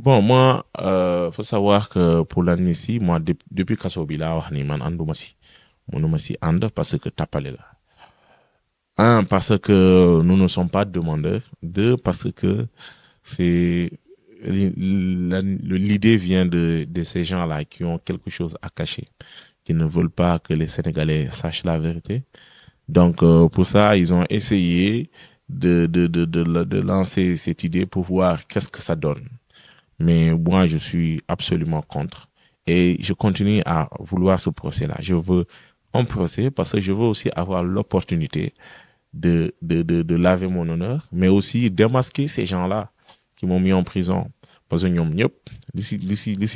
bon moi euh, faut savoir que pour l'année-ci, moi depuis que je je suis je suis si parce que as là. un parce que nous ne sommes pas demandeurs deux parce que c'est l'idée vient de, ces gens-là qui ont quelque chose à cacher, qui ne veulent pas que les Sénégalais sachent la vérité. Donc, euh, pour ça, ils ont essayé de, de lancer cette idée pour voir qu'est-ce que ça donne. Mais moi, je suis absolument contre. Et je continue à vouloir ce procès-là. Je veux un procès parce que je veux aussi avoir l'opportunité de, de, de, de, laver mon honneur, mais aussi démasquer ces gens-là qui m'ont mis en prison. Parce que ñom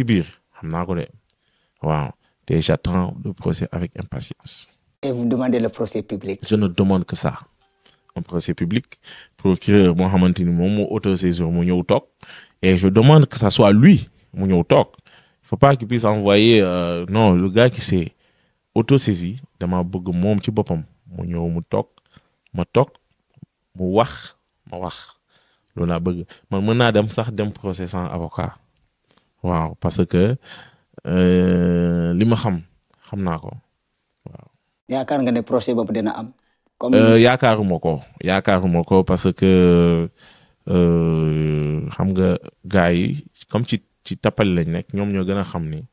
bir j'attends le procès avec impatience. Et vous demandez le procès public Je ne demande que ça procès public procureur Mohamed xamante ni moom moo auto-saisir mu et je demande que ça soit lui mon ñëw toog il faut pas qu'il puisse envoyer euh, non le gars qui s'est auto-saisi dama bëgg moom ci boppam mu ñëw mu toog ma tok mu wax ma wax loolu laa bëgg man mën naa dem sax dem procès sans avocat waaw parce que euh, li ma xam xam Il ko waaw. yaakaar nga ne procès boobu dina am. Euh, yaakaaruma ko yaakaaruma ko parce que euh, xam nga gars yi comme ci ci tappal lañ nekk ñoom ñoo gën a xam ni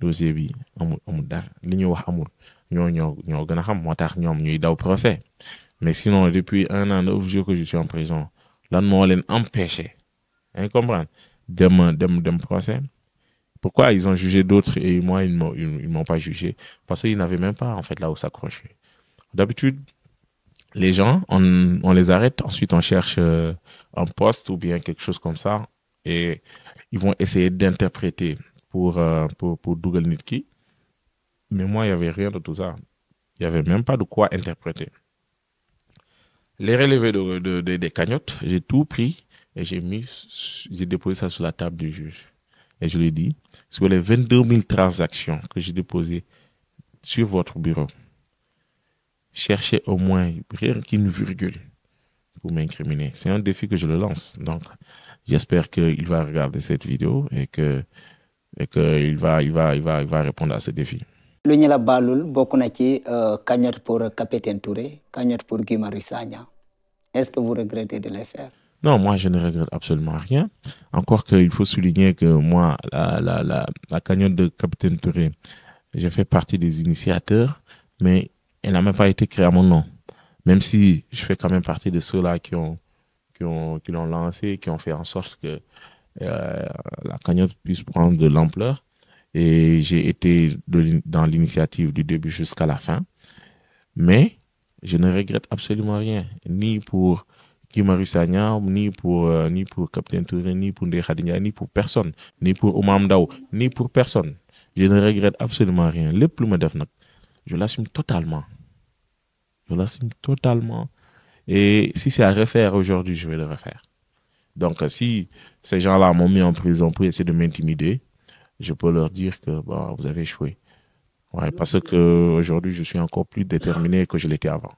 dossier bi amul amul dara li ñu wax amul ñoo ñoo ñoo gën a xam moo tax ñoom ñuy daw procès mais sinon depuis un an neuf jours que je suis en prison lan moo leen empêché hein comprendre dem dem dem procès pourquoi ils ont jugé d'autres et moi ils m'ont ils, ils m'ont pas jugé parce qu'ils n'avaient même pas en fait là où s'accrocher d'habitude les gens, on, les arrête, ensuite on cherche euh, un poste ou bien quelque chose comme ça, et ils vont essayer d'interpréter pour, euh, pour, pour, Google Nitki. Mais moi, il n'y avait rien de tout ça. Il n'y avait même pas de quoi interpréter. Les relevés des cagnottes, j'ai tout pris et j'ai mis, j'ai déposé ça sur la table du juge. Et je lui ai dit, sur les 22 000 transactions que j'ai déposées sur votre bureau, chercher au moins rien qu'une virgule pour m'incriminer. C'est un défi que je le lance. Donc, j'espère qu'il va regarder cette vidéo et que et que il va il va il va répondre à ce défi. Le la beaucoup euh, cagnotte pour capitaine Touré cagnotte pour Guy est-ce que vous regrettez de le faire. Non, moi, je ne regrette absolument rien. Encore qu'il faut souligner que moi, la, la, la, la cagnotte de Capitaine Touré, j'ai fait partie des initiateurs, mais elle n'a même pas été créée à mon nom. Même si je fais quand même partie de ceux-là qui ont, qui ont, qui l'ont lancé, qui ont fait en sorte que euh, la cagnotte puisse prendre de l'ampleur. Et j'ai été dans l'initiative du début jusqu'à la fin. Mais je ne regrette absolument rien, ni pour Kimaru Sagna, ni pour, euh, ni pour Capitaine Touré, ni pour Ndekhadinia, ni pour personne, ni pour Oumam Dao, ni pour personne. Je ne regrette absolument rien. Le plus me je l'assume totalement. Je l'assume totalement. Et si c'est à refaire aujourd'hui, je vais le refaire. Donc, euh, si ces gens-là m'ont mis en prison pour essayer de m'intimider, je peux leur dire que bon, vous avez échoué. Ouais, parce que aujourd'hui, je suis encore plus déterminé que je l'étais avant.